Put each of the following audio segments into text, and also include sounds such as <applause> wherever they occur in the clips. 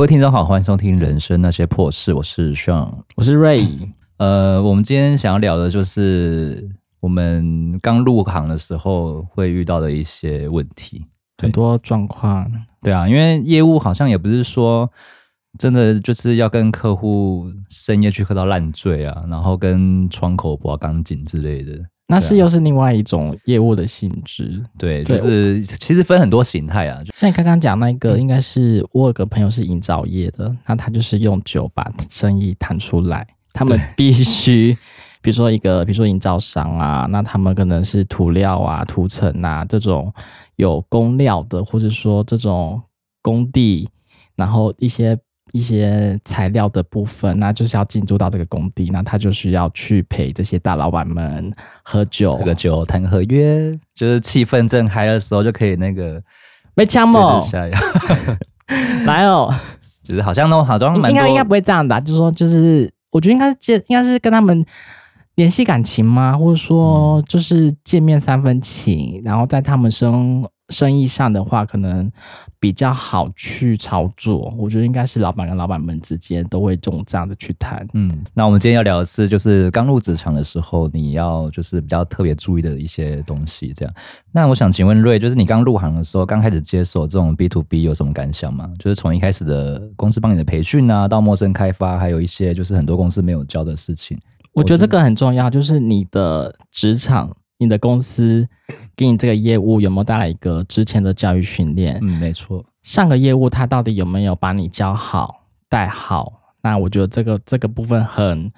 各位聽眾好歡，歡迎收聽《人生那些破事》，我是 Shawn，我是 Ray。 <coughs> 呃，我們今天想要聊的就是我們剛入行的時候會遇到的一些問題，很多狀況。對啊，因為業務好像也不是說真的就是要跟客戶深夜去喝到爛醉啊，然後跟窗口拔鋼筋之類的。那是又是另外一種業務的性質，對，就是其實分很多形態啊。像你剛剛講那個應該，應該是我有個朋友是營造業的，那他就是用酒把生意談出來。他們必須，比如說一個，比如說營造商啊， <laughs> 那他們可能是塗料啊、塗層啊這種有工料的，或者說這種工地，然後一些。一些材料的部分，那就是要進駐到這個工地，那他就需要去陪這些大老板們喝酒，喝個酒，談合約，就是氣氛正嗨的時候就可以那個沒槍嘛，就是、 <laughs> <laughs> 來哦，就是好像弄好像應該應該不會這樣的，啊，就是說就是我覺得應該是接應該是跟他們聯繫感情嘛？或者說就是見面三分情，嗯，然後在他們生生意上的話，可能比較好去操作。我覺得應該是老闆跟老闆們之間都會這種這樣子去談。嗯，那我們今天要聊的是，就是剛入職場的時候，你要就是比較特別注意的一些東西。這樣，那我想請問瑞，就是你剛入行的時候，剛開始接手這種 B to B 有什麼感想嗎？就是從一開始的公司幫你的培訓啊，到陌生開發，還有一些就是很多公司沒有教的事情。我覺得這個很重要，就是你的職場。你的公司給你這個業務有沒有帶來一個之前的教育訓練？嗯，沒錯。上個業務他到底有沒有把你教好帶好？那我覺得這個這個部分很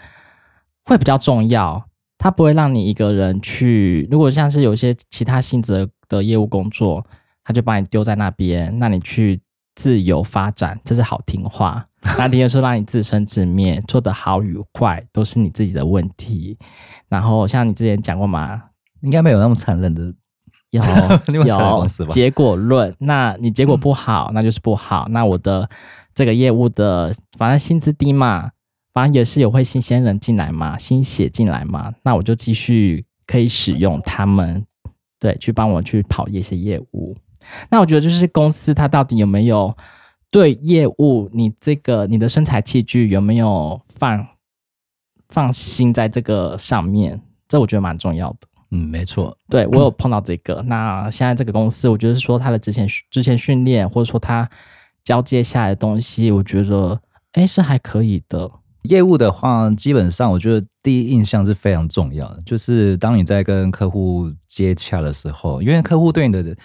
會比較重要。它不會讓你一個人去，如果像是有一些其他性質的業務工作，它就把你丟在那邊，讓你去自由發展，這是好聽話。那也就是說讓你自生自滅， <laughs> 做得好與壞都是你自己的問題。然後像你之前講過嘛。應該沒有那麼殘忍的，要 <laughs> 要結果論。那你結果不好， <laughs> 那就是不好。那我的這個業務的，反正薪資低嘛，反正也是有會新鮮人進來嘛，新血進來嘛，那我就繼續可以使用他們，對，去幫我去跑一些業務。那我覺得就是公司它到底有沒有對業務，你這個你的生財器具有沒有放放心在這個上面？這我覺得蠻重要的。嗯，沒錯，對我有碰到這個、嗯。那現在這個公司，我覺得說他的之前之前訓練，或者說他交接下來的東西，我覺得哎是還可以的。業務的話，基本上我覺得第一印象是非常重要的，就是當你在跟客戶接洽的時候，因為客戶對你的。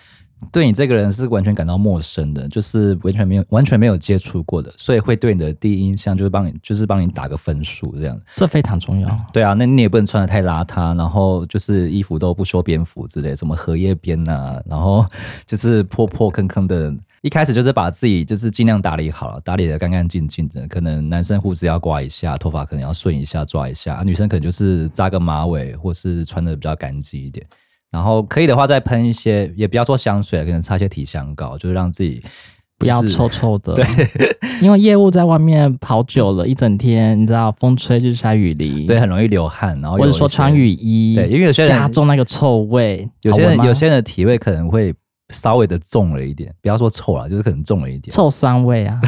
對你這個人是完全感到陌生的，就是完全沒有完全沒有接觸過的，所以會對你的第一印象就是幫你就是幫你打個分數這樣，這非常重要。對啊，那你也不能穿得太邋遢，然後就是衣服都不修邊幅之類，什麼荷葉邊吶、啊，然後就是破破坑坑坑的。一開始就是把自己就是尽量打理好了，打理得干干淨淨的。可能男生胡子要刮一下，頭髮可能要順一下抓一下、啊、女生可能就是扎個馬尾或是穿得比較乾淨一點。然後可以的話，再噴一些，也不要說香水，可能擦一些體香膏，就是讓自己不，不要臭臭的。對， <laughs> 因為業務在外面跑久了，一整天，你知道，風吹日曬雨淋，對，很容易流汗。然後或者說穿雨衣，對，因為有些人加重那個臭味。有些人有些人的體味可能會稍微的重了一點，不要說臭了，就是可能重了一點，臭酸味啊！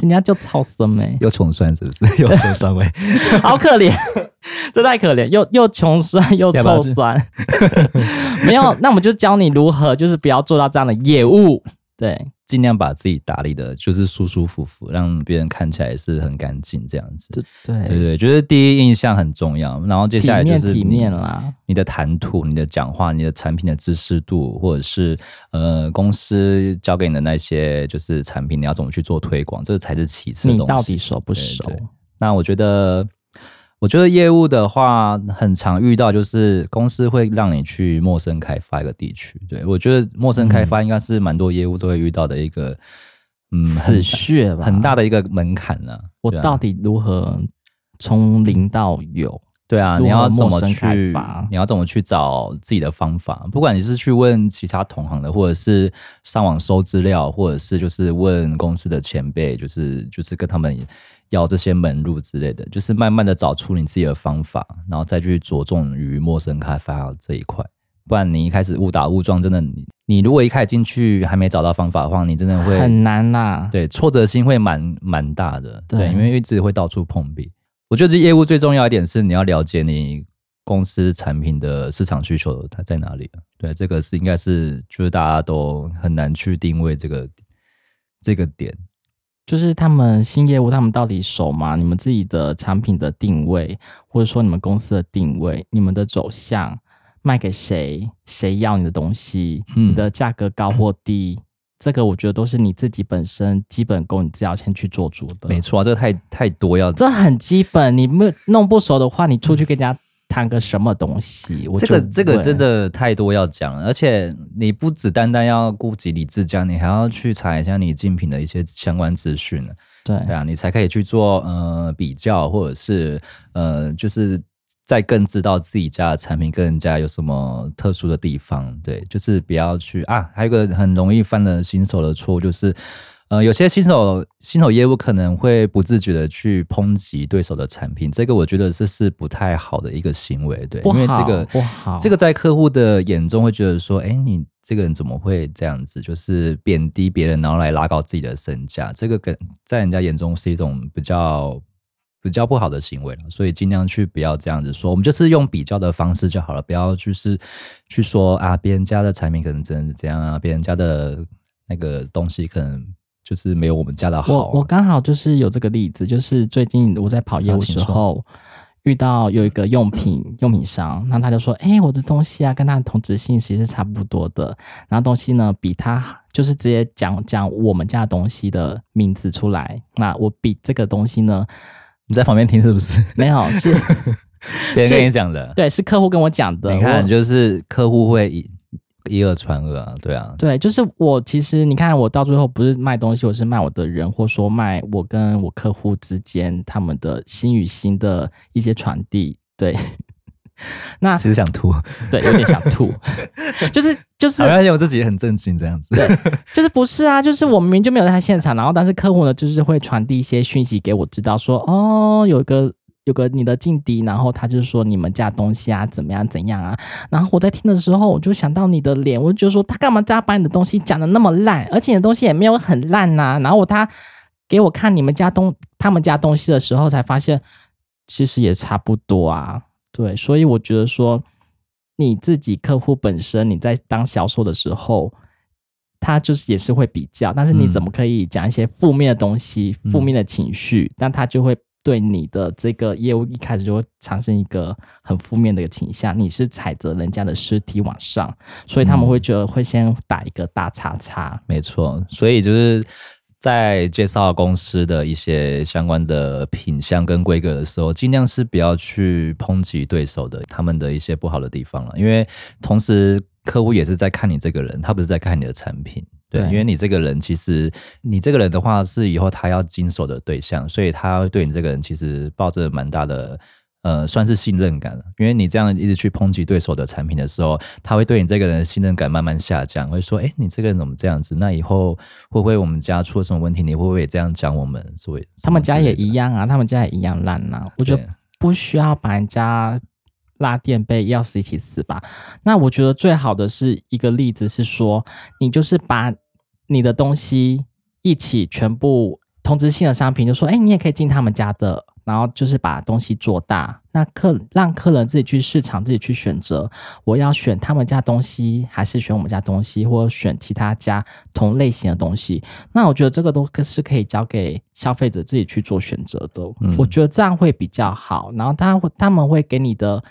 人 <laughs> 家就超酸味，又臭酸是不是？又臭酸味， <laughs> <laughs> 好可憐。 <laughs> 這太可憐，又又窮酸又臭酸。 <laughs> <laughs> 沒有，那我們就教你如何，就是不要做到這樣的業務，對，盡量把自己打理的，就是舒舒服服，讓別人看起來也是很乾淨這樣子。對對對，對對，覺、就、得、是、第一印象很重要。然後接下來就是體面，體面啦，你的談吐、你的講話、你的產品的知識度，或者是呃公司交給你的那些就是產品，你要怎麼去做推廣，這個才是其次的東西，熟不熟？那我覺得。我覺得業務的話，很常遇到就是公司會讓你去陌生開發一個地區。對，我覺得陌生開發應該是蠻多業務都會遇到的一個，嗯，嗯死穴吧，很大的一個門檻呢，啊啊。我到底如何從零到有？對啊，你要怎麼去？你要怎麼去找自己的方法？不管你是去問其他同行的，或者是上網搜資料，或者是就是問公司的前輩，就是就是跟他們。要這些門路之類的，就是慢慢的找出你自己的方法，然後再去着重於陌生開發這一塊。不然你一開始誤打誤撞，真的你你如果一開始進去還沒找到方法的話，你真的會很難吶、啊。對，挫折心會蠻蠻大的對。對，因為一直會到處碰壁。我覺得這業務最重要一點是你要了解你公司產品的市場需求它在哪裡。對，這個是應該是就是大家都很難去定位這個這個點。就是他們新業務，他們到底熟嗎？你們自己的產品的定位，或者說你們公司的定位，你們的走向，賣給誰，誰要你的東西，嗯、你的價格高或低，這個我覺得都是你自己本身基本功，你自己要先去做主的。沒錯啊，這個太太多要，這很基本，你沒弄不熟的話，你出去跟人家、嗯。談個什麼東西？我覺得這個這個真的太多要講了，而且你不只單單要顧及你自家，你還要去查一下你競品的一些相關資訊。對，對啊，你才可以去做呃比較，或者是呃，就是再更知道自己家的產品跟人家有什麼特殊的地方。對，就是不要去啊，還有一個很容易犯的新手的錯誤就是。呃，有些新手新手業務可能會不自覺的去抨擊對手的產品，這個我覺得這是不太好的一個行為，對，因為這個不好，這個在客戶的眼中會覺得說，哎、欸，你這個人怎麼會這樣子？就是貶低別人，然後來拉高自己的身價，這個在人家眼中是一種比較比較不好的行為，所以盡量去不要這樣子說，我們就是用比較的方式就好了，不要就是去說啊，別人家的產品可能真的是這樣啊，別人家的那個東西可能，就是沒有我們家的好，啊。我我剛好就是有這個例子，就是最近我在跑業務的時候，啊、遇到有一個用品 <coughs> 用品商，那他就說：“哎、欸，我的東西啊，跟他的同質性其實是差不多的，然後東西呢比他，就是直接講講我們家的東西的名字出來，那我比這個東西呢，你在旁邊聽是不是？就是、沒有，是別 <laughs> 人跟你講的，對，是客戶跟我講的。你看，你就是客戶會以以訛傳訛啊，對啊，對，就是我其實你看我到最後不是賣東西，我是賣我的人，或說賣我跟我客戶之間他們的心與心的一些傳遞，對。 <laughs> 那其實想吐，對，有點想吐， <laughs> 就是就是好像我自己也很震驚這樣子，就是不是啊，就是我明明就沒有在現場，然後但是客戶呢，就是會傳遞一些訊息給我，知道說哦，有一個。有個你的勁敵，然後他就說你們家東西啊怎麼樣怎樣啊？然後我在聽的時候，我就想到你的臉，我就覺得說他幹嘛這樣把你的東西講的那麼爛，而且你的東西也沒有很爛吶、啊。然後他給我看你們家東他們家東西的時候，才發現其實也差不多啊。對，所以我覺得說你自己客戶本身你在當銷售的時候，他就是也是會比較，但是你怎麼可以講一些負面的東西、嗯、負面的情緒，嗯、但他就會。對你的這個業務一開始就會產生一個很負面的一個傾向，你是踩着人家的屍體往上，所以他們會覺得會先打一個大叉叉。嗯，沒錯，所以就是在介紹公司的一些相關的品相跟規格的時候，盡量是不要去抨擊對手的他們的一些不好的地方了，因為同時。客戶也是在看你這個人，他不是在看你的產品，對，對因為你這個人，其實你這個人的話是以後他要經手的對象，所以他對你這個人其實抱着蠻大的呃，算是信任感了。因為你這樣一直去抨擊對手的產品的時候，他會對你這個人的信任感慢慢下降，會說：“哎、欸，你這個人怎麼這樣子？那以後會不會我們家出了什麼問題，你會不會也這樣講我們？”所以他們家也一樣啊，他們家也一樣爛吶、啊，我覺得不需要把人家。拉墊背，要死一起死吧。那我覺得最好的是一個例子是說，你就是把你的東西一起全部同質性的商品，就說，哎、欸，你也可以進他們家的，然後就是把東西做大。那客讓客人自己去市場自己去選擇，我要選他們家東西，還是選我們家東西，或者選其他家同類型的東西。那我覺得這個都是可以交給消費者自己去做選擇的、嗯。我覺得這樣會比較好。然後他他們會給你的。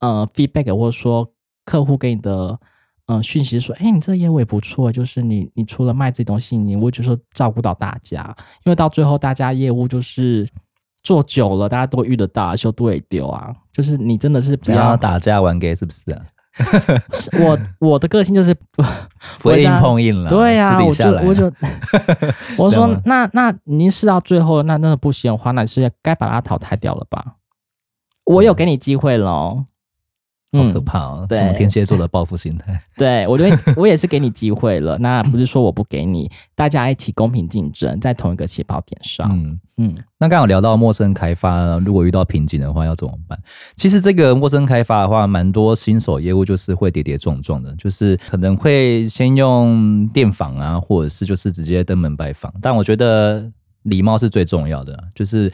呃，feedback 或者說客戶給你的呃訊息說，哎、欸，你這個業務也不錯，就是你你除了賣這東西，你我就說照顧到大家，因為到最後大家業務就是做久了，大家都遇得到，就都丟啊。就是你真的是不要打架玩 gay 是不是、啊、 <laughs> 我我的個性就是 <laughs> 不會硬碰硬了， <laughs> 對啊， <laughs> 我就我就我說 <laughs> 那那您試到最後那真的不行的話，那是該把它淘汰掉了吧？嗯、我有給你機會嘍。好、哦、嗯、可怕哦，對，什麼天蠍座的報復心態？對，我覺得我也是給你機會了。 <laughs> 那不是說我不給你，大家一起公平競爭，在同一個起跑點上。嗯嗯。那剛好聊到陌生開發，如果遇到瓶頸的話要怎麼辦？其實這個陌生開發的話，蠻多新手業務就是會跌跌撞撞的，就是可能會先用電訪啊，或者是就是直接登門拜訪。但我覺得。禮貌是最重要的，就是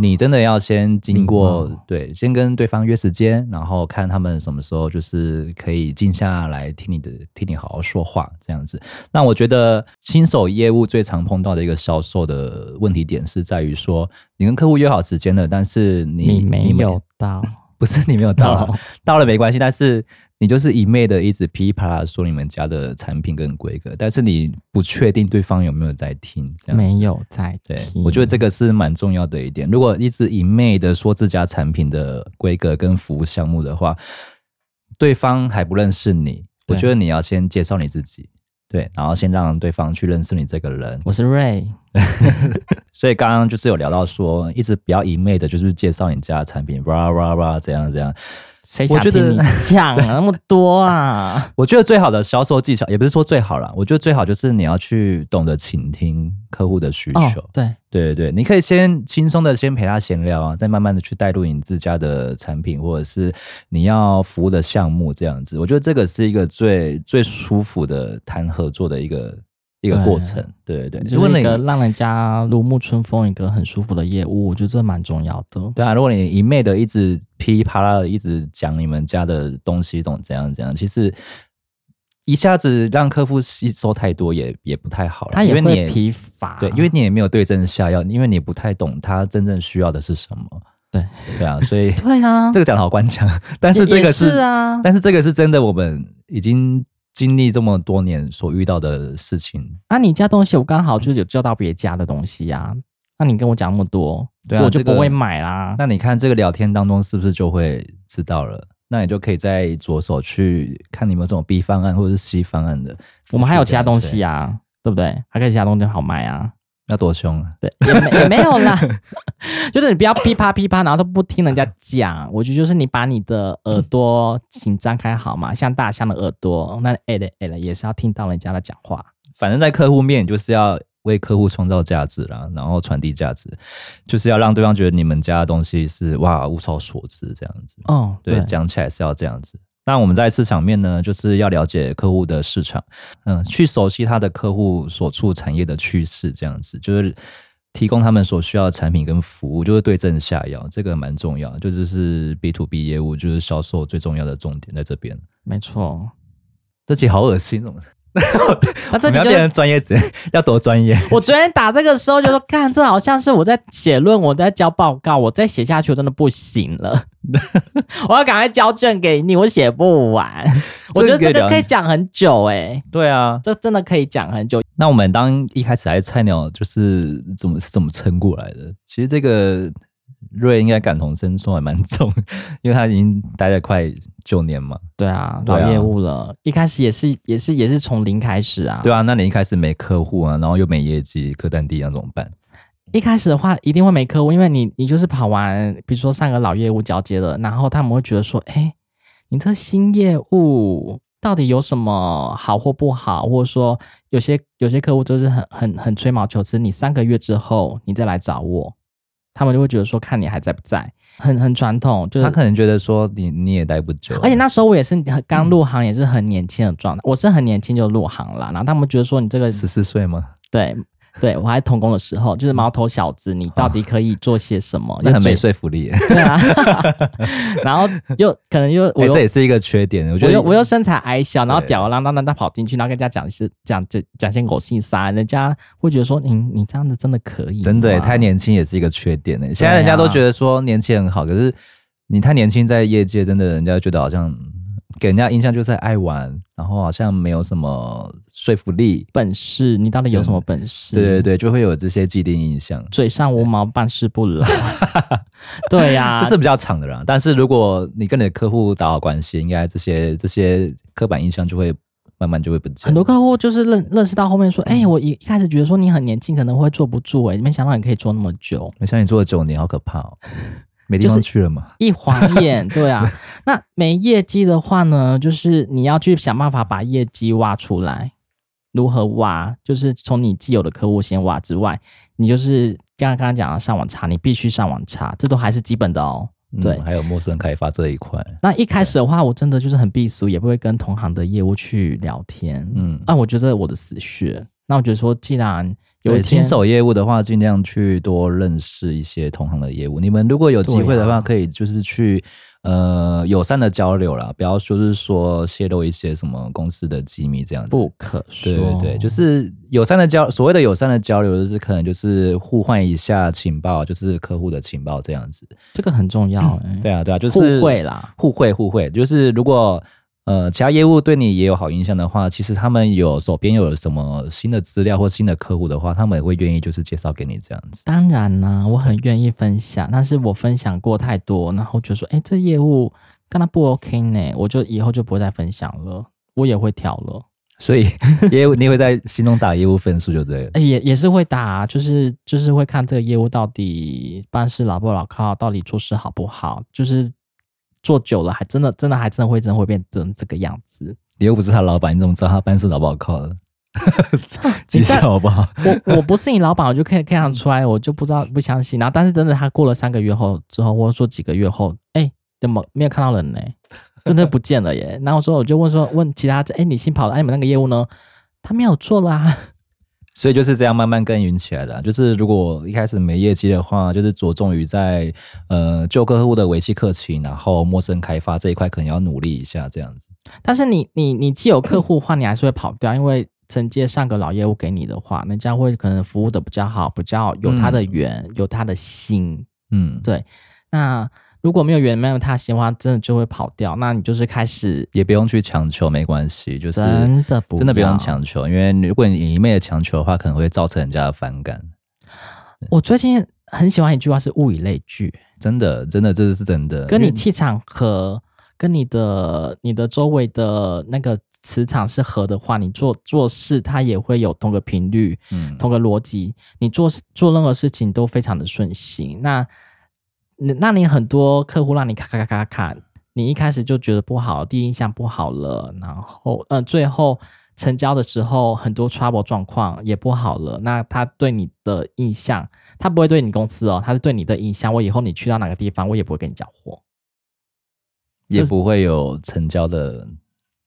你真的要先經過、哦、對，先跟對方約時間，然後看他們什麼時候就是可以靜下來聽你的，聽你好好說話這樣子。那我覺得新手業務最常碰到的一個銷售的問題點是在於說，你跟客戶約好時間了，但是你，你沒有到。 <laughs> 不是你沒有到了，oh. 到了沒關係。但是你就是一味的一直噼裡啪啦說你們家的產品跟規格，但是你不確定對方有沒有在聽這樣子，沒有在聽。對，我覺得這個是蠻重要的一點。如果一直一味的說自家產品的規格跟服務項目的話，對方還不認識你，我覺得你要先介紹你自己。對，然後先讓對方去認識你這個人。我是 Ray， <laughs> 所以剛剛就是有聊到說，一直比較一味的，就是介紹你家的產品，哇哇哇，怎樣怎樣。誰想聽你講 <laughs> 那麼多啊！我覺得最好的銷售技巧，也不是說最好啦，我覺得最好就是你要去懂得傾聽客戶的需求。哦、對對對對，你可以先輕鬆的先陪他閒聊啊，再慢慢的去帶入你自家的產品或者是你要服務的項目這樣子。我覺得這個是一個最最舒服的談、嗯、合作的一個。一個過程，對對如果，就是，一個讓人家如沐春風，一個很舒服的業務，我覺得這蠻重要的。對啊，如果你一昧的一直噼里啪啦的一直講你們家的東西，懂怎樣怎樣，其實一下子讓客戶吸收太多也也不太好。他也因為你疲乏，對，因為你也沒有對症下藥，因為你不太懂他真正需要的是什麼。對對啊，所以 <laughs> 對啊，這個講的好官腔，但是這個是，也也是啊，但是這個是真的，我們已經。經歷這麼多年所遇到的事情，啊，你家東西我剛好就有叫到別家的東西呀、啊嗯。那你跟我講那麼多，對啊，我就不會買啦、這個。那你看這個聊天當中是不是就會知道了？那你就可以再着手去看你們這種 B 方案或者是 C 方案的。我們還有其他東西呀、啊，對不對？還可以其他東西好賣啊。要多凶啊！對，也也沒有啦，M M M o N R、 <laughs> 就是你不要噼啪噼啪,啪，然後都不聽人家講。我覺得就是你把你的耳朵請張開好嗎？像大象的耳朵，那哎了哎了，L、L, 也是要聽到人家的講話。反正，在客戶面，就是要為客戶創造價值啦，然後傳遞價值，就是要讓對方覺得你們家的東西是哇物超所值這樣子。哦，對，講起來是要這樣子。那我們在市場面呢，就是要了解客戶的市場，嗯，去熟悉他的客戶所處產業的趨勢，這樣子就是提供他們所需要的產品跟服務，就是對症下藥，這個蠻重要，就，就是是 B to B 業務，就是銷售最重要的重點在這邊。沒錯，這集好惡心哦。那 <laughs> 這就要變專業，職要多專業。我昨天打這個時候就是說，看這好像是我在寫論文，我在交報告，我再寫下去我真的不行了， <laughs> 我要趕快交卷給你，我寫不完。我覺得這個可以講很久，哎，對啊，這真的可以講很久 <laughs> 那我們當一開始來的菜鳥，就是怎麼是怎麼撐過來的？其實這個瑞應該感同身受，還蠻重，因為他已經待了快。九年嘛，對啊，老業務了，啊、一開始也是也是也是從零開始啊。對啊，那你一開始沒客戶啊，然後又沒業績，客單低，那怎麼辦？一開始的話，一定會沒客戶，因為你你就是跑完，比如說上個老業務交接了，然後他們會覺得說，哎、欸，你這新業務到底有什麼好或不好？或者說有些有些客戶就是很很很吹毛求疵，你三個月之後你再來找我。他們就會覺得說，看你還在不在，很很傳統，就是他可能覺得說你你也待不久，而且那時候我也是剛入行，也是很年輕的狀態，嗯，我是很年輕就入行了，然後他們覺得說你這個十四歲嗎？對。對，我還童工的時候，就是毛頭小子，你到底可以做些什麼？就、嗯哦、很沒說服力。對啊， <laughs> 然後又可能又我，我、欸，這也是一個缺點。我覺得我又身材矮小，然後吊兒郎當的，他跑進去，然後跟人家講一些講講講些狗屁啥，人家會覺得說你你這樣子真的可以，真的、啊、太年輕也是一個缺點呢、啊。現在人家都覺得說年輕很好，可是你太年輕在業界，真的人家覺得好像。給人家印象就是愛玩，然後好像沒有什麼說服力、本事。你到底有什麼本事？嗯、對對對，就會有這些既定印象。嘴上無毛，辦事不牢。對呀、 <laughs> 啊，這是比較長的啦。但是如果你跟你的客戶打好關係，應該這些這些刻板印象就會慢慢就會不見。很多客戶就是認認識到後面說：“哎、欸，我一一開始覺得說你很年輕，可能會坐不住、欸。哎，沒想到你可以坐那麼久。沒想到你坐了九年，你好可怕哦、喔。”沒地方去了嘛？一晃眼，對啊。 <laughs> 那沒業績的話呢？就是你要去想辦法把業績挖出來。如何挖？就是從你既有的客戶先挖之外，你就是剛剛講的上網查，你必須上網查，這都還是基本的哦、喔。對、嗯，還有陌生開發這一塊。那一開始的話，我真的就是很避俗，也不會跟同行的業務去聊天。嗯，那我覺得我的死穴。那我覺得說，既然有新手業務的話，盡量去多認識一些同行的業務。你們如果有機會的話，可以就是去、啊、呃友善的交流啦，不要說是說洩露一些什麼公司的機密這樣子，不可說。對對對，就是友善的交，所謂的友善的交流，就是可能就是互換一下情報，就是客戶的情報這樣子，這個很重要、欸。對啊，對啊，就是互惠、嗯、互惠啦，互惠互惠，就是如果。呃，其他業務對你也有好印象的話，其實他們有手邊有什麼新的資料或新的客戶的話，他們也會願意就是介紹給你這樣子。當然啦、啊，我很願意分享、嗯，但是我分享過太多，然後就說，哎、欸，這業務幹的不 OK 呢，我就以後就不會再分享了，我也會挑了。所以 <laughs> 也，你也會在心中打業務分數，就對了。也、欸、也是會打，就是就是會看這個業務到底辦事牢不牢靠，到底做事好不好，就是。做久了，還真的，真的，還真的會，真的會變成這個樣子。你又不是他老闆，你怎麼知道他辦事老不好靠的？解 <laughs> 好不好？我我不是你老闆，我就可以看得出來，我就不知道，不相信。然後，但是等到他過了三個月後，之後或者說幾個月後，哎、欸，怎麼沒有看到人呢、欸？真的不見了耶。 <laughs> 然後說，我就問說，問其他，哎、欸，你新跑的、啊、你們那個業務呢？他沒有做啦、啊。所以就是這樣慢慢耕耘起來的。就是如果一開始沒業績的話，就是着重於在呃舊客戶的維繫客情，然後陌生開發這一塊可能要努力一下這樣子。但是你你你既有客戶的話，你還是會跑掉， <coughs> 因為承接上個老業務給你的話，那這樣會可能服務的比較好，比較有他的緣、嗯，有他的心。嗯，對。那。如果沒有緣，沒有他心的話，真的就會跑掉。那你就是開始，也不用去強求，沒關係，就是真的不真的不用強求，因為如果你一味的強求的話，可能會造成人家的反感。我最近很喜歡一句話是“物以類聚”，真的，真的這是真的。跟你氣場合跟你的你的周圍的那個磁場是合的話，你做做事，它也會有同個頻率，嗯，同個邏輯。你做做任何事情都非常的順心。那那那你很多客戶讓你咔，咔咔咔咔，你一開始就覺得不好，第一印象不好了，然後呃，最後成交的時候很多 trouble 狀況也不好了，那他對你的印象，他不會對你公司哦，他是對你的印象，我以後你去到哪個地方，我也不會跟你交貨，也不會有成交的、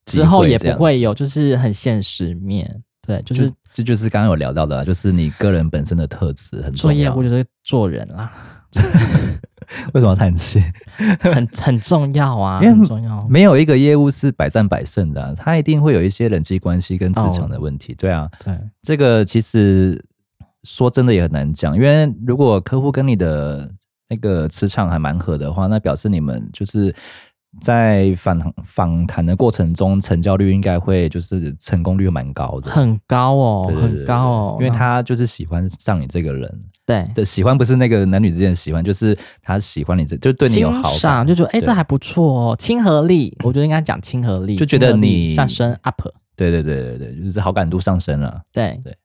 就是，之後也不會有，就是很現實面。對，就是，這就，就，就是剛剛有聊到的，就是你個人本身的特質很重要，做業務就是做人啦。 <laughs> 為什麼要嘆氣？ <laughs> 很很重要啊，沒有一個業務是百戰百勝的啊，它一定會有一些人際關係跟磁場的問題。哦，對啊，對，這個其實說真的也很難講，因為如果客戶跟你的那個磁場還蠻合的話，那表示你們就是。在訪談訪談的過程中，成交率應該會就是成功率蠻高的，很高哦，對對對對很高哦，因為他就是喜歡上你這個人，嗯、對對，喜歡不是那個男女之間的喜歡，就是他喜歡你這，就對你有好感，就覺得哎、欸，這還不錯哦，親和力，我覺得應該講親和力， <laughs> 就覺得你上升 up，對對對對對，就是好感度上升了，對對，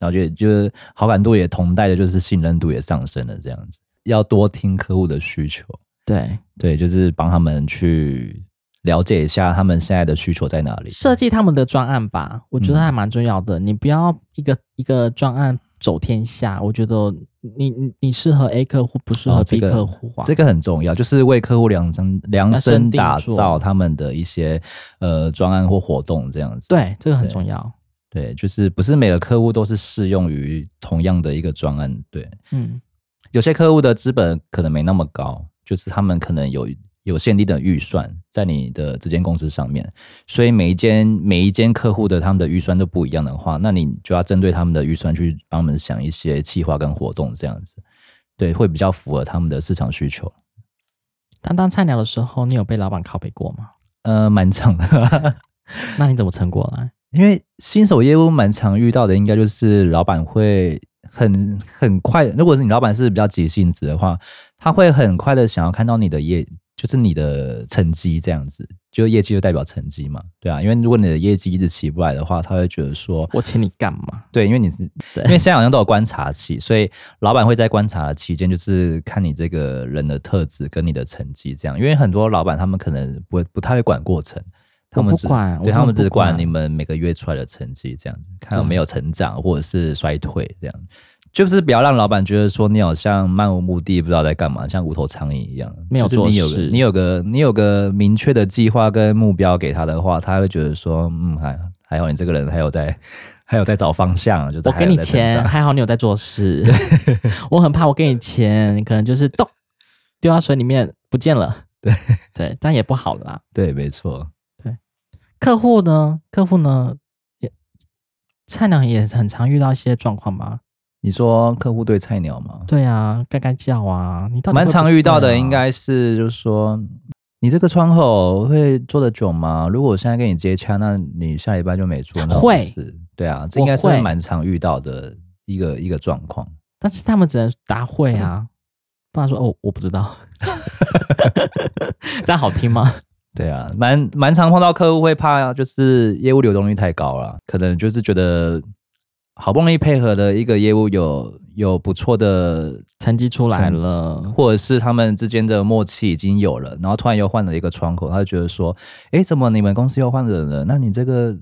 然後就就是好感度也同帶的，就是信任度也上升了，這樣子，要多聽客戶的需求。對對，就是幫他們去了解一下他們現在的需求在哪裡，設計他們的專案吧。我覺得還蠻重要的。嗯，你不要一個一個專案走天下。我覺得你你適合 A 客戶，不適合 B 客戶啊，哦，這個，這個很重要，就是為客戶量身量身打造他們的一些呃專案或活動這樣子。對，這個很重要。對，就是不是每個客戶都是適用於同樣的一個專案。對，嗯，有些客戶的資本可能沒那麼高。就是他們可能有有限定的預算在你的這間公司上面，所以每一間每一間客戶的他們的預算都不一樣的話，那你就要針對他們的預算去幫他們想一些企劃跟活動這樣子，對，會比較符合他們的市場需求。當當菜鳥的時候，你有被老闆靠北過嗎？呃，蠻長的， <laughs> 那你怎麼撐過來？因為新手業務蠻常遇到的，應該就是老闆會。很很快，如果是你老闆是比較急性子的話，他會很快的想要看到你的業，就是你的成績這樣子，就業績就代表成績嘛，對啊，因為如果你的業績一直起不來的話，他會覺得說我請你幹嘛？對，因為你是，對，因為現在好像都有觀察期，所以老闆會在觀察的期間，就是看你這個人的特質跟你的成績這樣，因為很多老闆他們可能不會不太會管過程。他們只，不管對，不管他們只管你們每個月出來的成績，這樣子看有沒有成長或者是衰退，這樣，就是不要讓老板覺得說你好像漫無目的，不知道在幹嘛，像無頭蒼蠅一,一樣沒有做事。就是、你，有你有個你有個，你有個明確的計劃跟目標給他的話，他會覺得說，嗯還還好你這個人還有在還有在找方向，就是、還在我給你錢 <laughs> 還好你有在做事。對，我很怕我給你錢可能就是咚丟到水裡面不見了，對對，但也不好啦，對，沒錯。客戶呢？客戶呢？也菜鳥也很常遇到一些狀況吧？你說客戶對菜鳥嗎？對啊，該該叫啊！你蠻常遇到的，應該是就是說，你這個窗口會做的久嗎？如果我現在跟你接洽，那你下禮拜就沒做那，會是？對啊，這應該是蠻常遇到的一個一個狀況。但是他們只能答會啊，不然說哦，我不知道， <laughs> 這樣好聽嗎？對啊，蠻蠻常碰到客戶會怕啊，就是業務流動率太高了，可能就是覺得好不容易配合的一個業務有有不錯的成績出來了，或者是他們之間的默契已經有了，然後突然又換了一個窗口，他就覺得說，哎，怎麼你們公司又換人了人？那你這個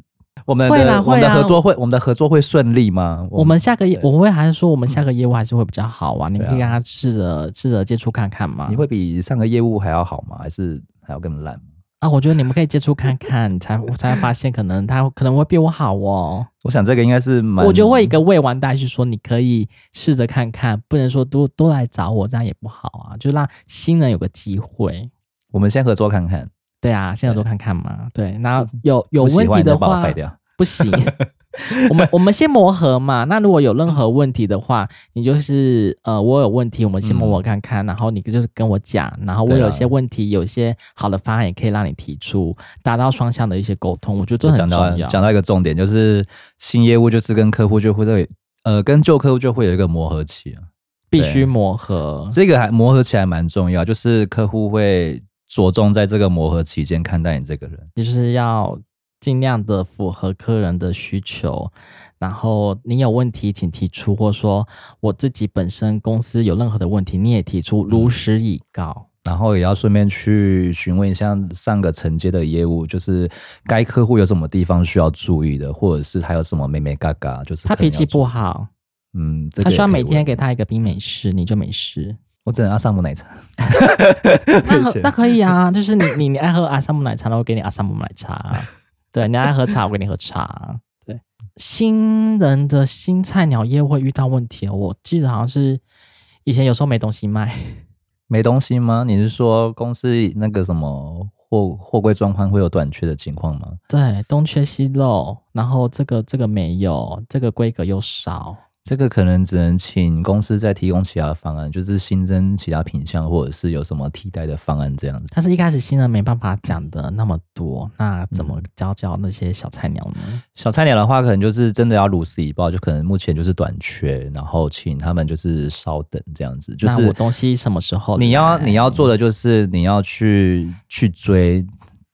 我們的，啊啊，我們的合作會我們的合作會順利嗎？我們，我們下個業我會還是說我們下個業務還是會比較好啊？嗯，你可以跟他試着，啊，試着接觸看看嘛。你會比上個業務還要好嗎？還是還要更爛？啊，我覺得你們可以接觸看看， <laughs> 才我才發現，可能他可能會比我好哦。我想這個應該是蠻……我就會一個未完待續，說你可以試着看看，嗯，不能說都都來找我，這樣也不好啊，就讓新人有個機會。我們先合作看看。對啊，先合作看看嘛。對，對，然後有有，有，有問題的話。不行，我們我們先磨合嘛。那如果有任何問題的話，你就是呃，我有問題，我們先磨磨看看、嗯，然後你就是跟我講，然後我有些問題，啊、有些好的方案也可以讓你提出，達到雙向的一些溝通。我覺得這很重要。講到，到一個重點，就是新業務就是跟客戶就會呃，跟舊客戶就會有一個磨合期啊，必須磨合。這個還磨合期還蠻重要，就是客戶會着重在這個磨合期間看待你這個人。就是要。盡量的符合客人的需求，然後你有問題請提出，或說我自己本身公司有任何的問題，你也提出，如實以告。嗯、然後也要順便去詢問一下上個承接的業務，就是該客戶有什麼地方需要注意的，或者是還有什麼眉眉角角，就是他脾氣不好，嗯、這個，他需要每天給他一個冰美式，你就美式。我只能阿薩姆奶茶。 <laughs> <laughs> 配錢 <laughs> 那那可以啊，就是你你你愛喝阿薩姆奶茶，那我給你阿薩姆奶茶。 <laughs> 對，你愛喝茶，我給你喝茶。對，新人的新菜鳥業會遇到問題，我記得好像是以前有時候沒東西賣，沒東西嗎？你是說公司那個什麼貨貨櫃狀況會有短缺的情況嗎？對，東缺西漏，然後這個這個沒有，這個規格又少。這個可能只能請公司再提供其他方案，就是新增其他品項，或者是有什麼替代的方案這樣子。但是一開始新人沒辦法講的那麼多，那怎麼教教那些小菜鳥呢？嗯，小菜鳥的話，可能就是真的要如實以報，就可能目前就是短缺，然後請他們就是稍等這樣子。就是我東西什麼時候？你要你要做的就是你要去去追。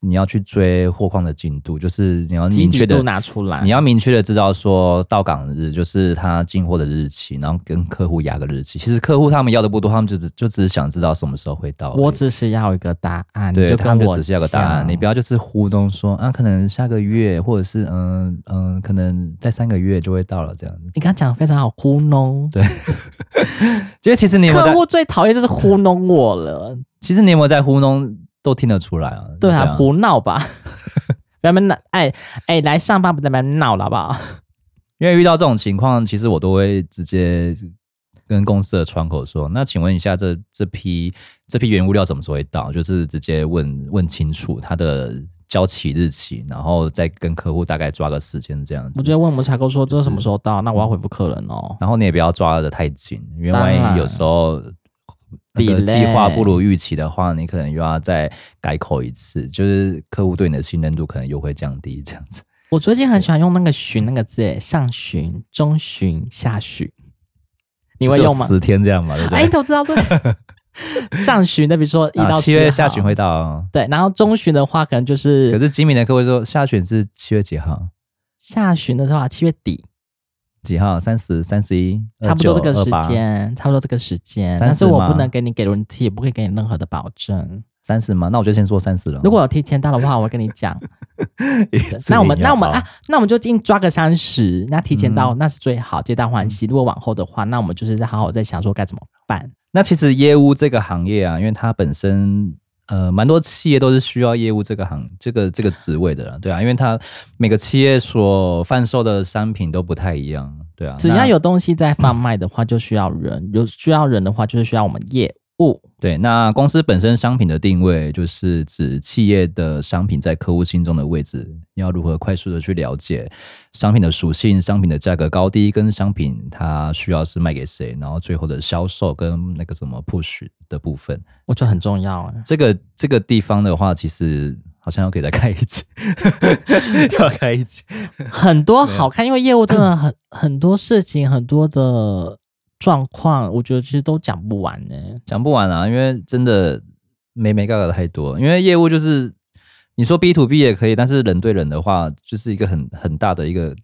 你要去追貨況的進度，就是你要明確的拿出來，你要明確的知道說到港日，就是他進貨的日期，然後跟客戶壓個日期。其實客戶他們要的不多，他們就只就只想知道什麼時候會到。A。我只是要一個答案，對就我他們就只是要一個答案，你不要就是糊弄說啊，可能下個月，或者是嗯嗯，可能再三個月就會到了這樣。你剛剛講的非常好糊弄，對， <laughs> 因為其實你有沒有客戶最討厭就是糊弄我了。 <laughs> 其實你有沒有在糊弄？都聽得出來啊！對啊，胡鬧吧！咱 <laughs> 們鬧，哎哎，來上班不？咱們，們鬧好不好？因為遇到這種情況，其實我都會直接跟公司的窗口說：“那請問一下這，這這批這批原物料什麼時候會到？”就是直接問問清楚他的交期日期，然後再跟客戶大概抓個時間這樣子。我直接問我們採購說、就是：“這什麼時候到？”那我要回復客人哦。然後你也不要抓的太緊，因為萬一有時候。你的計劃不如預期的話，你可能又要再改口一次，就是客戶對你的信任度可能又會降低，這樣子。我最近很喜歡用那個“旬”那個字，上旬、中旬、下旬，你會用嗎？就就十天這樣嗎？哎、啊，你都知道對。 <laughs> <laughs> 上旬，那比如說一到七、啊、七月下旬會到。哦，對。然後中旬的話，可能就是……可是吉米的客戶說，下旬是七月幾號？下旬的話，七月底。幾號？三十三十一，差不多這個時間，差不多這個時間。但是我不能給你給 guarantee，也不會給你任何的保證。三十嗎？那我就先說三十了。如果我提前到的話，我會跟你講 <laughs> 那我們那我們啊，那我們就盡抓個三十。那提前到、嗯、那是最好，皆大歡喜。如果往後的話，那我們就是在好好在想說該怎麼辦。那其實業務這個行業啊，因為它本身。呃，蠻多企業都是需要業務這個行這個這個職位的啦，對啊，因為他每個企業所販售的商品都不太一樣，對啊，只要有東西在販賣的話，就需要人，嗯，有需要人的話，就是需要我們業。物、哦、對，那公司本身商品的定位，就是指企業的商品在客戶心中的位置。要如何快速的去了解商品的屬性、商品的價格高低、跟商品它需要是賣給誰，然後最後的銷售跟那個什麼 push 的部分，我覺得很重要啊。這個這個地方的話，其實好像可以 <laughs> <laughs> 要給他開一集，要開一集，很多好看，因為業務真的很 <coughs> 很多事情，很多的。狀況，我覺得其實都講不完呢、欸，講不完啊，因為真的眉眉角角的太多。因為業務就是你說 B to B 也可以，但是人對人的話，就是一個很很大的一個。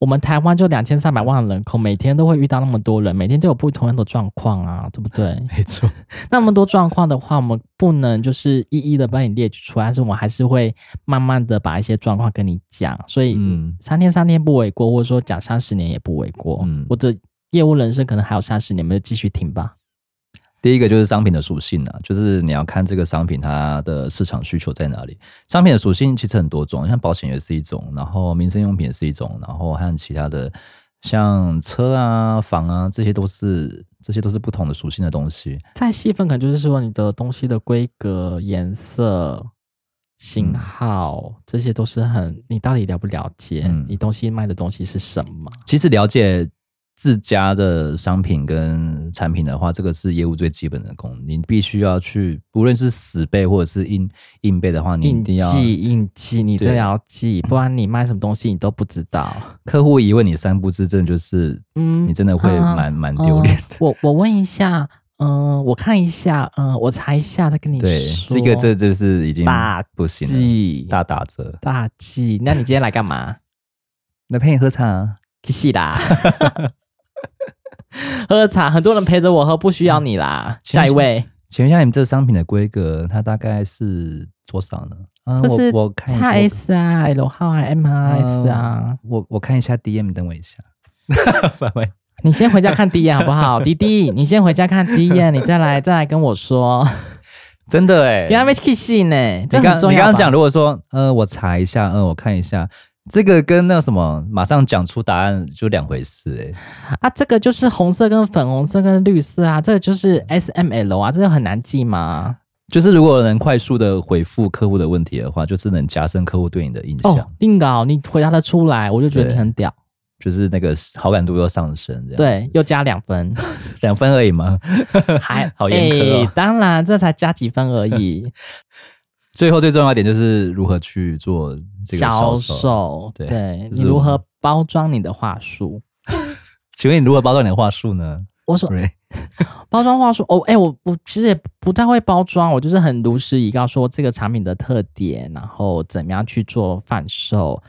我們台灣就兩千三百萬人口，每天都會遇到那麼多人，每天都有不同樣的狀況啊，對不對？沒錯 <laughs> 那麼多狀況的話，我們不能就是一一的幫你列舉出來，但是我們還是會慢慢的把一些狀況跟你講。所以三天三天不為過，或者說講三十年也不為過，或、嗯、者。我業務人生可能還有三十年，就繼續聽吧。第一個就是商品的屬性啊，就是你要看這個商品它的市場需求在哪裡。商品的屬性其實很多種，像保險也是一種，然後民生用品也是一種，然後還有其他的，像車啊、房啊，這些都是這些都是不同的屬性的東西。再細分，可能就是說你的東西的規格、顏色、型號、嗯，這些都是很你到底了不了解你東西賣的東西是什麼？嗯嗯，其實了解。自家的商品跟產品的話，這個是業務最基本的功能，你必須要去，無論是死背或者是硬硬背的話，你一定要記硬記，你真的要記，不然你賣什麼東西你都不知道。嗯、客戶一問你三不知，這就是嗯，你真的會蠻、嗯啊、蠻丟臉的。嗯、我我問一下，嗯，我看一下，嗯，我查一下再跟你說。對這個這就是已經大不行了，大打折，大忌。那你今天來幹嘛？來 <laughs> 陪你喝茶、啊，嘻嘻噠。 <laughs> <laughs> 喝茶，很多人陪着我喝，不需要你啦下。下一位，請問一下你們這個商品的規格，它大概是多少呢？嗯、這是我,我看，XS 啊，L 號啊，M 還 S 啊？我看啊啊我,我看一下 DM，等我一下。 <laughs> 拜拜你先回家看 DM 好不好？ <laughs> 弟弟，你先回家看 DM，你再來再來跟我說。 <laughs> 真的哎、欸， <laughs> 你剛細呢，這很重要，你剛剛講，如果說呃，我查一下，呃，我看一下。這個跟那什麼，馬上講出答案就兩回事哎、欸、啊，這個就是紅色跟粉紅色跟綠色啊，這個就是 S M L 啊，這個很難記嗎？就是如果能快速的回復客戶的問題的話，就是能加深客戶對你的印象。哦、定稿，你回答的出來，我就覺得你很屌。就是那個好感度又上升，這樣對，又加兩分， <laughs> 兩分而已嗎？還 <laughs> 好嚴苛哦。當然，這才加幾分而已。 <laughs> 最後最重要一點就是如何去做這個銷售小手，對，對如何包裝你的話術？ <laughs> 請問你如何包裝你的話術呢？我說 <laughs> 包裝話術，哦，哎、欸，我我其實也不太會包裝，我就是很如實以告說這個產品的特點，然後怎麼樣去做販售，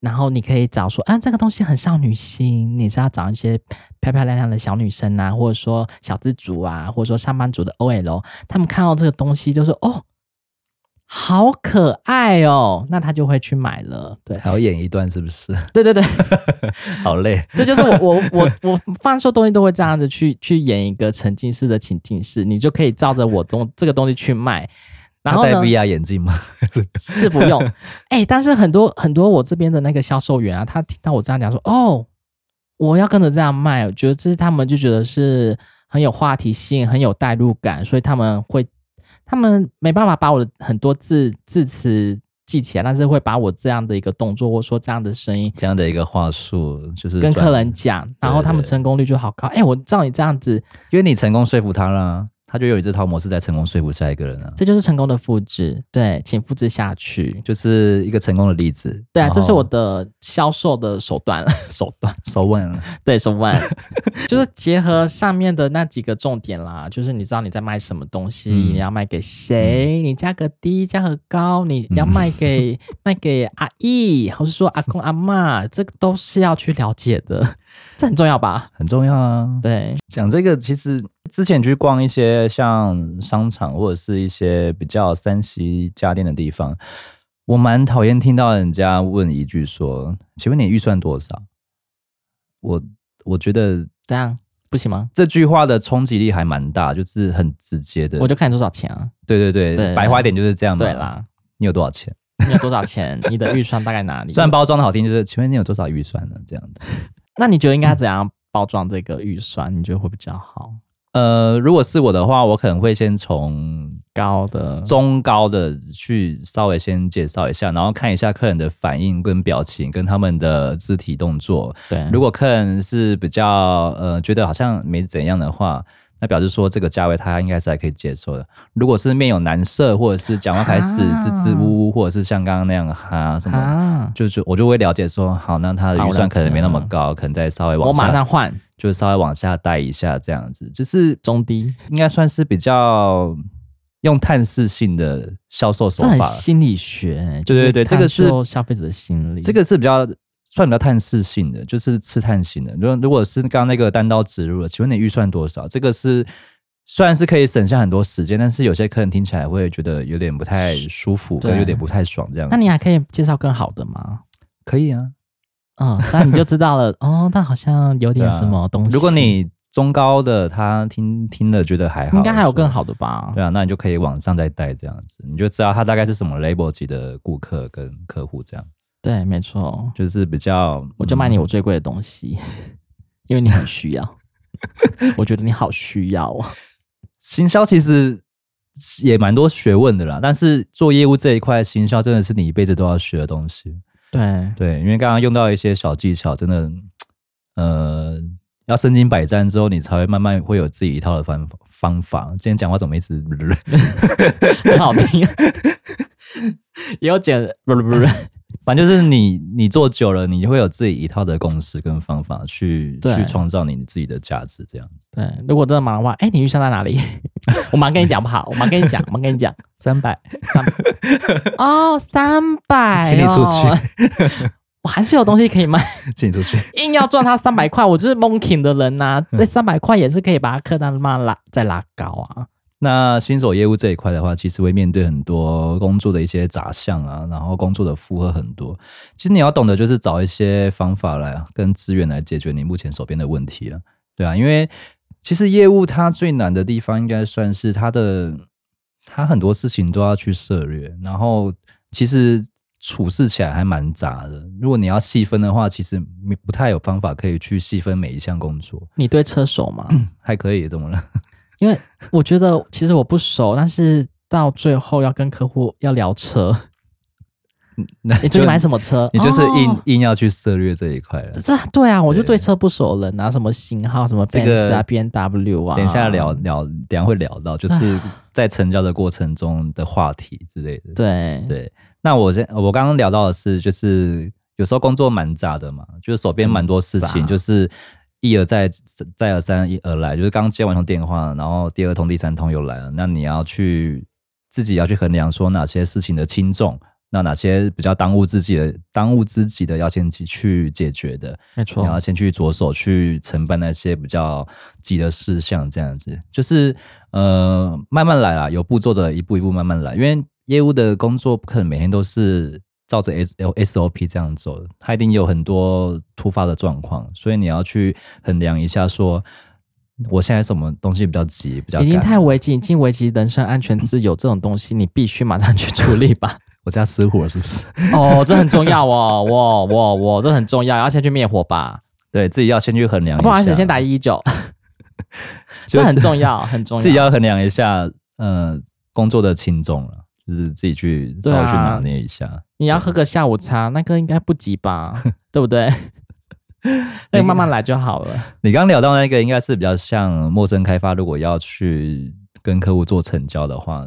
然後你可以找說啊這個東西很少女心，你是要找一些漂漂亮亮的小女生啊，或者說小資族啊，或者說上班族的 OL，他們看到這個東西就是哦。好可愛哦，那他就會去買了。對，還要演一段是不是？對對對， <laughs> 好累。 <laughs> 這就是我我我我，我我放錯東西都會這樣子去去演一個沉浸式的情境式，你就可以照着我東這個東西去賣。然後呢？戴 VR 眼鏡嗎？ <laughs> 是不用。哎、欸，但是很多很多我這邊的那個銷售員啊，他聽到我這樣講說，哦，我要跟着這樣賣，我覺得這是他們就覺得是很有話題性，很有代入感，所以他們會。他們沒辦法把我的很多字字詞記起來，但是會把我這樣的一個動作，或說這樣的聲音、這樣的一個話術，就是跟客人講，然後他們成功率就好高。哎、欸，我照你這樣子，因為你成功說服他了。他就有一隻套模式在成功說服下一個人啊，這就是成功的複製，對，請複製下去，就是一個成功的例子。對啊，這是我的銷售的手段，手段，手腕，對，手腕，就是結合上面的那幾個重點啦，就是你知道你在賣什麼東西，嗯、你要賣給誰、嗯，你價格低，價格高，你要賣給、嗯、 <laughs> 賣給阿姨，或是說阿公阿嬤， <laughs> 這個都是要去了解的， <laughs> 這很重要吧？很重要啊，對，講這個其實。之前去逛一些像商場或者是一些比較 3C 家電的地方，我蠻討厭聽到人家問一句說：“請問你預算多少？”我我覺得這樣不行嗎？這句話的衝擊力還蠻大，就是很直接的。我就看你多少錢啊？對對對，對對對，白話點就是這樣。對啦，你有多少錢？你有多少錢？ <laughs> 你的預算大概哪裡？雖然包裝的好聽，就是請問你有多少預算呢、啊？這樣子。那你覺得應該怎樣包裝這個預算？嗯、你覺得會比較好？呃，如果是我的話，我可能會先從高的、中高的去稍微先介紹一下，然後看一下客人的反應跟表情跟他們的肢體動作。對，如果客人是比較呃覺得好像沒怎樣的話，那表示說這個價位他應該是還可以接受的。如果是面有難色，或者是講話開始支支吾吾，或者是像剛剛那樣哈什麼，就是我就會了解說，好，那他的預算可能沒那麼高，可能再稍微往上，我馬上換。就稍微往下帶一下，這樣子就是中低，應該算是比較用探視性的銷售手法，心理學。對對對，這個是消費者的心理，這個是比較算比較探視性的，就是試探性的。如如果是剛剛那個單刀直入的，請問你預算多少？這個是雖然是可以省下很多時間，但是有些客人聽起來會覺得有點不太舒服，呃，有點不太爽這樣子。那你還可以介紹更好的嗎？可以啊。這、哦、那你就知道了 <laughs> 哦。但好像有點什麼東西。如果你中高的他聽聽的，覺得還好，應該還有更好的吧？對啊，那你就可以往上再帶這樣子，你就知道他大概是什麼 label 級的顧客跟客戶這樣。對，沒錯，就是比較，我就賣你我最貴的東西，嗯、 <laughs> 因為你很需要。 <laughs> 我覺得你好需要哦、喔。行銷其實也蠻多學問的啦，但是做業務這一塊，行銷真的是你一輩子都要學的東西。對對，因為剛剛用到一些小技巧，真的，呃，要身經百戰之後，你才會慢慢會有自己一套的方方法。今天講話怎麼一直 <laughs> <laughs> 很好聽， <laughs> 也有剪不不。 <laughs> <laughs> 反正就是你，你做久了，你就會有自己一套的公式跟方法去去創造你自己的價值，這樣子。對，如果真的忙的話，哎、欸，你預算在哪裡？ <laughs> 我忙跟你講不好，我忙跟你講，忙跟你講， <laughs> 三百，三。百哦，三百，哦，請你出去。 <laughs> 我還是有東西可以賣，請你出去。 <laughs> 硬要賺他三百塊，我就是蒙 king 的人吶、啊。這三百塊也是可以把他客單嘛拉再拉高啊。那新手業務這一塊的話，其實會面對很多工作的一些雜項啊，然後工作的負荷很多。其實你要懂得就是找一些方法來跟資源來解決你目前手邊的問題啊，對啊，因為其實業務它最難的地方，應該算是它的它很多事情都要去涉獵，然後其實處事起來還蠻雜的。如果你要細分的話，其實你不太有方法可以去細分每一項工作。你對車手嗎？還可以，怎麼了？因為我覺得其實我不熟，但是到最後要跟客戶要聊車，嗯， <laughs> 欸、你最近買什麼車？你就是硬、哦、硬要去涉獵這一塊了。這對啊對，我就對車不熟了，拿什麼型號什麼 Benz 啊、這個、B N W 啊，等一下聊聊，等下會聊到，就是在成交的過程中的話題之類的。對對，那我先我剛剛聊到的是，就是有時候工作蠻雜的嘛，就是手邊蠻多事情，就是、嗯。一而再，再而三，一而來，就是剛接完通電話，然後第二通、第三通又來了。那你要去自己要去衡量，說哪些事情的輕重，那哪些比較當務之急的、當務之急的要先去解決的，沒錯，你要先去着手去承辦那些比較急的事項。這樣子就是呃，慢慢來啦，有步驟的，一步一步慢慢來。因為業務的工作不可能每天都是。照着 S S O P 這樣走，它一定有很多突發的狀況，所以你要去衡量一下說，說我現在什麼東西比較急，比較已經太危急，已經危急，人身安全、自由 <laughs> 這種東西，你必須馬上去處理吧。我家失火是不是？哦，這很重要哦，我我我這很重要，要先去滅火吧。對，自己要先去衡量一下，啊，不好意思，先打一一九。這很重要，很重要，自己要衡量一下，呃，工作的輕重了，啊，就是自己去稍微去拿捏一下。你要喝個下午茶，嗯、那個應該不急吧， <laughs> 對不對？那 <laughs> <laughs> 你跟 <laughs> 慢慢來就好了。你剛聊到那個，應該是比較像陌生開發。如果要去跟客戶做成交的話，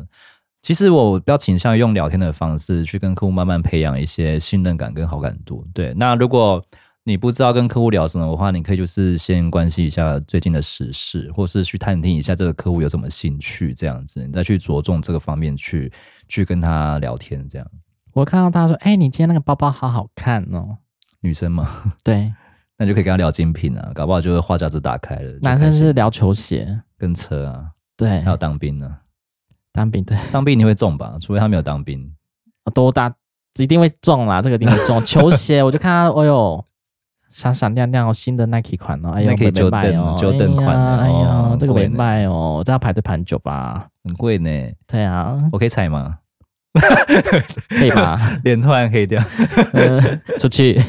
其實我比較傾向於用聊天的方式去跟客戶慢慢培養一些信任感跟好感度。對，那如果你不知道跟客戶聊什麼的話，你可以就是先關心一下最近的時事，或是去探聽一下這個客戶有什麼興趣，這樣子你再去着重這個方面去去跟他聊天，這樣。我看到他說：“哎、欸，你今天那個包包好好看哦。”女生嗎？對， <laughs> 那就可以跟他聊精品啊，搞不好就是話匣子打開,了,開了。男生是聊球鞋跟車啊，對，還有當兵呢、啊。當兵對，當兵你會中吧？除非他沒有當兵。哦， <laughs> 多大一定會中啦、啊，這個一定會中。 <laughs> 球鞋我就看他，哎呦，閃閃亮亮、哦，新的 Nike 款哦，哎呦，可以久等哦，久等款、啊哎哦，哎呀，這個沒賣哦，這要排隊排很久吧，很貴呢。對啊，我可以踩嗎？ <laughs> 可以吧？臉突然黑掉、 <laughs> 嗯，出去，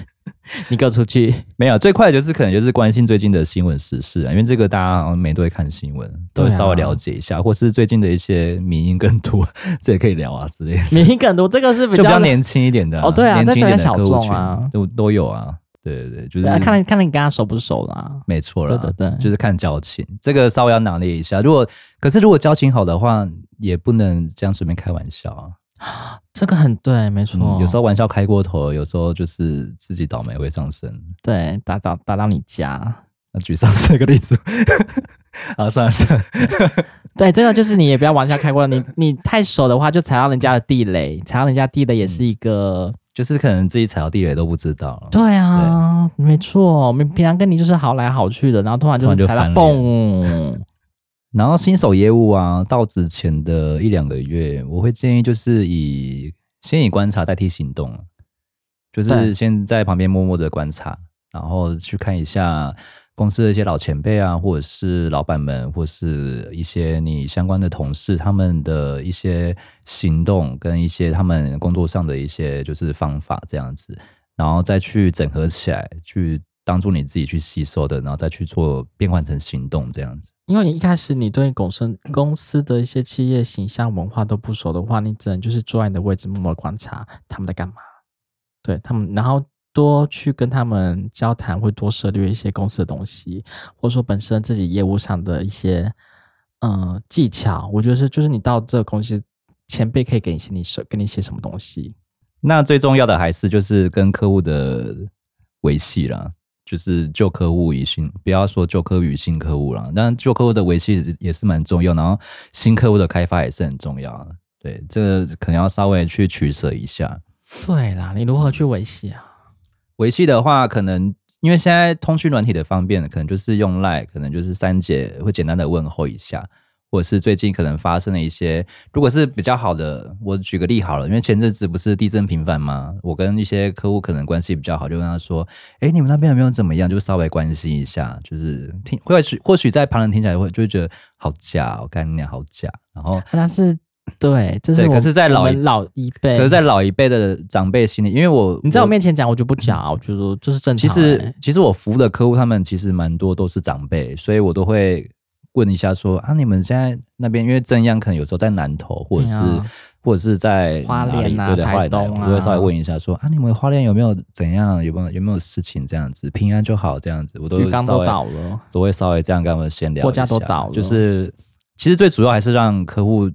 你給我出去！沒有最快的就是可能就是關心最近的新聞時事啊，因為這個大家每都會看新聞，都會稍微了解一下、啊，或是最近的一些民音更多，這也可以聊啊之類的。民音更多，這個是比較，就比較年輕一點的、啊、哦，對啊，年輕一點的客戶群小眾啊，都都有啊，對對對，就是看看看你跟他熟不熟啦、啊，沒錯，了對對對，就是看交情，這個稍微要拿捏一下。如果可是如果交情好的話，也不能這樣隨便開玩笑啊。這個很對，沒錯、嗯。有時候玩笑開過頭，有時候就是自己倒霉會上身。對，打到打，打到你家，那舉上這個例子， <laughs> 好，算了算了對。對，這個就是你也不要玩笑開過了。 <laughs> 你你太熟的話，就踩到人家的地雷，踩到人家地雷也是一個、嗯，就是可能自己踩到地雷都不知道。對啊，對沒錯。我們平常跟你就是好來好去的，然後突然就是踩到嘣。然後新手業務啊，到之前的一兩個月，我會建議就是以先以觀察代替行動，就是先在旁邊默默的觀察，然後去看一下公司的一些老前輩啊，或者是老板們，或是一些你相關的同事他們的一些行動跟一些他們工作上的一些就是方法這樣子，然後再去整合起來去。幫助你自己去吸收的，然後再去做變換成行動這樣子。因為一開始你對你公司公司的一些企業形象、文化都不熟的話，你只能就是坐在你的位置默默觀察他們在幹嘛，對他們，然後多去跟他們交談，會多涉獵一些公司的東西，或者說本身自己業務上的一些嗯技巧。我覺得是，就是你到這個公司，前輩可以給你你些，給你寫什麼東西。那最重要的還是就是跟客戶的維繫了。就是舊客戶與新，不要說舊客戶與新客戶了，當然舊客戶的維繫也是蠻重要，然後新客戶的開發也是很重要的，對，這個可能要稍微去取捨一下。對啦，你如何去維繫啊？維繫的話，可能因為現在通訊軟體的方便，可能就是用 LINE，可能就是三節會簡單的問候一下。或是最近可能發生的一些，如果是比較好的，我舉個例好了，因為前陣子不是地震頻繁嗎？我跟一些客戶可能關係比較好，就跟他說：“哎、欸，你們那邊有沒有怎麼樣？”就稍微關心一下，就是聽，或許，或許在旁人聽起來就會就會覺得好假，我看你倆好假。然後但、啊、是對，就是可是在老、老一輩，可是在老一輩的長輩心裡，因為我你在我面前講，我就不講，我說就說這是真的。其實其實我服務的客戶，他們其實蠻多都是長輩，所以我都會。問一下說啊，你們現在那邊因為正樣？可能有時候在南投，或者是或者是在花蓮、啊，對對對，花蓮、啊，我會稍微問一下說啊，你們花蓮有沒有怎樣？有沒有有沒有事情？這樣子平安就好，這樣子我都稍微都倒了，都會稍微這樣跟我們閒聊一下，家都倒了。就是其實最主要還是讓客戶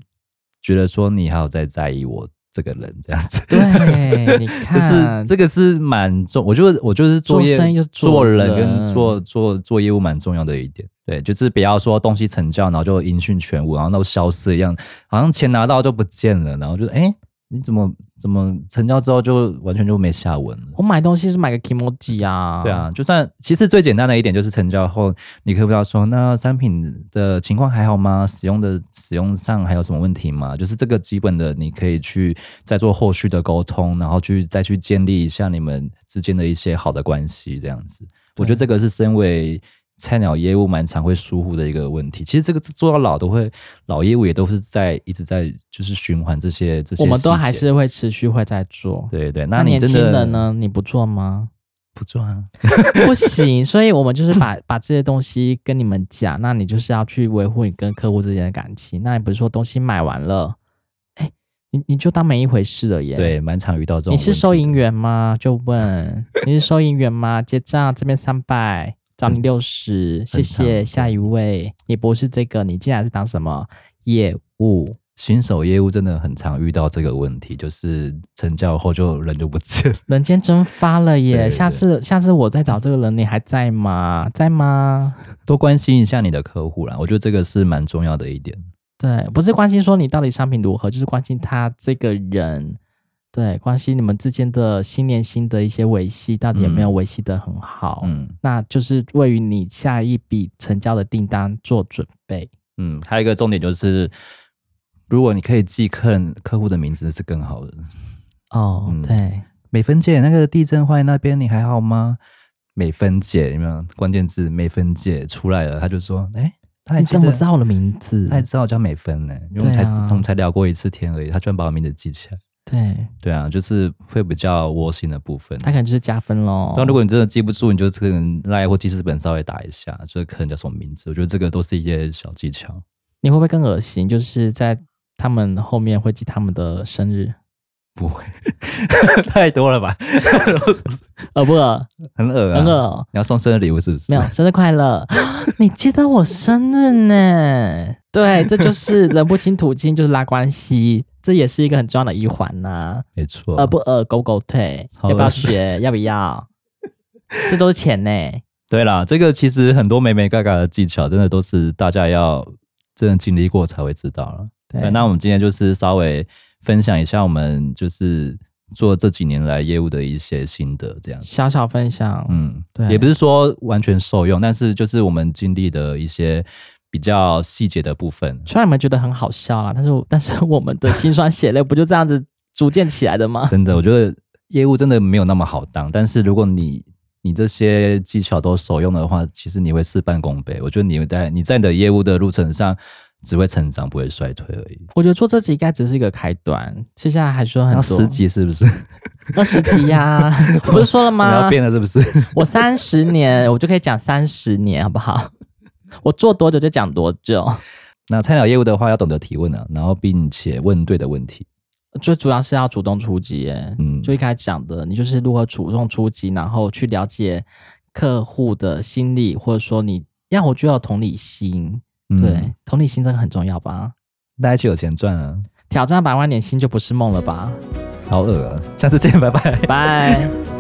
覺得說你還有在在意我。這個人這樣子，對，你看， <laughs> 就是這個是蠻重，我覺得我就是做生意做，做人跟做做做業務蠻重要的一點，對，就是不要說東西成交，然後就音訊全無，然後都消失一樣，好像錢拿到就不見了，然後就，哎。欸你怎麼怎麼成交之後就完全就沒下文了？我買東西是買個 kimochi 啊，對啊，就算其實最簡單的一點就是成交後，你可以不要說那商品的情況還好嗎？使用的使用上還有什麼問題嗎？就是這個基本的，你可以去再做後續的溝通，然後去再去建立一下你們之間的一些好的關係，這樣子，我覺得這個是身為。菜鳥業務蠻常會疏忽的一個問題，其實這個做到老都會，老業務也都是在一直在就是循環這些這些，我們都還是會持續會在做。對對，對，那你真的，那年輕人呢？你不做嗎？不做啊。 <laughs> 不行。所以我們就是把 <laughs> 把這些東西跟你們講，那你就是要去維護你跟客戶之間的感情。那你不是說東西買完了，哎、欸，你你就當沒一回事了耶？對，蠻常遇到這種。你是收銀員嗎？就問，你是收銀員嗎？ <laughs> 結賬，這邊三百。找你六十，謝謝、嗯。下一位，你不是這個，你既然是當什麼業務？新手業務真的很常遇到這個問題，就是成交後就人就不見，人間蒸發了耶！對對對。下次下次我再找這個人，你還在嗎？在嗎？多關心一下你的客戶啦，我覺得這個是蠻重要的一點。對，不是關心說你到底商品如何，就是關心他這個人。對，關心你們之間的新年新的一些維繫，到底有沒有維繫的很好，嗯？嗯，那就是為於你下一筆成交的訂單做準備。嗯，還有一個重點就是，如果你可以記客人客戶的名字是更好的。哦，嗯、對，美芬姐，那個地震壞那邊你還好嗎？美芬姐，有沒有關鍵字？美芬姐出來了，他就說：“哎、欸，他還你怎麼知道我的名字？他還知道我叫美芬呢、欸？因為我們才我、啊、們才聊過一次天而已，他居然把我名字記起來。”對對啊，就是會比較窩心的部分，它可能就是加分嘍。但如果你真的記不住，你就可能賴或記事本稍微打一下，就是、可能叫什麼名字。我覺得這個都是一些小技巧。你會不會更惡心？就是在他們後面會記他們的生日？不會， <laughs> 太多了吧？惡、 <laughs> 呃、不惡？很惡、啊，很惡啊、很惡哦、你要送生日禮物是不是？沒有，生日快樂。 <laughs> 你記得我生日呢？ <laughs> 對，這就是人不親土親，就是拉關係，這也是一個很重要的一環啊。沒錯，餓不餓，狗狗腿，要不要學？欸、 <laughs> 要不要？這都是錢呢。對啦，這個其實很多眉眉角角的技巧，真的都是大家要真的經歷過才會知道了、啊。那我們今天就是稍微分享一下我們就是做這幾年來業務的一些心得，這樣子小小分享。嗯，對，也不是說完全受用，但是就是我們經歷的一些。比較細節的部分，雖然你們覺得很好笑啦，但是但是我們的辛酸血淚不就這樣子逐漸起來的嗎？ <laughs> 真的，我覺得業務真的沒有那麼好當，但是如果你你這些技巧都手用的話，其實你會事半功倍。我覺得你在你在的業務的路程上只會成長，不會衰退而已。我覺得做這集應該只是一個開端，接下來還說很多那十集是不是？那十集呀、啊， <laughs> 我不是說了嗎？你要變了是不是？我三十年，我就可以講三十年，好不好？我做多久就講多久。那菜鳥業務的話，要懂得提問啊，然後並且問對的問題。最主要是要主動出擊，哎，嗯，就一開始講的，你就是如何主動出擊，然後去了解客戶的心理，或者說你要我具有同理心，嗯。對，同理心這個很重要吧？大家一起有錢賺啊！挑戰百萬年薪就不是夢了吧？好餓啊！下次見，拜拜，拜。 <laughs>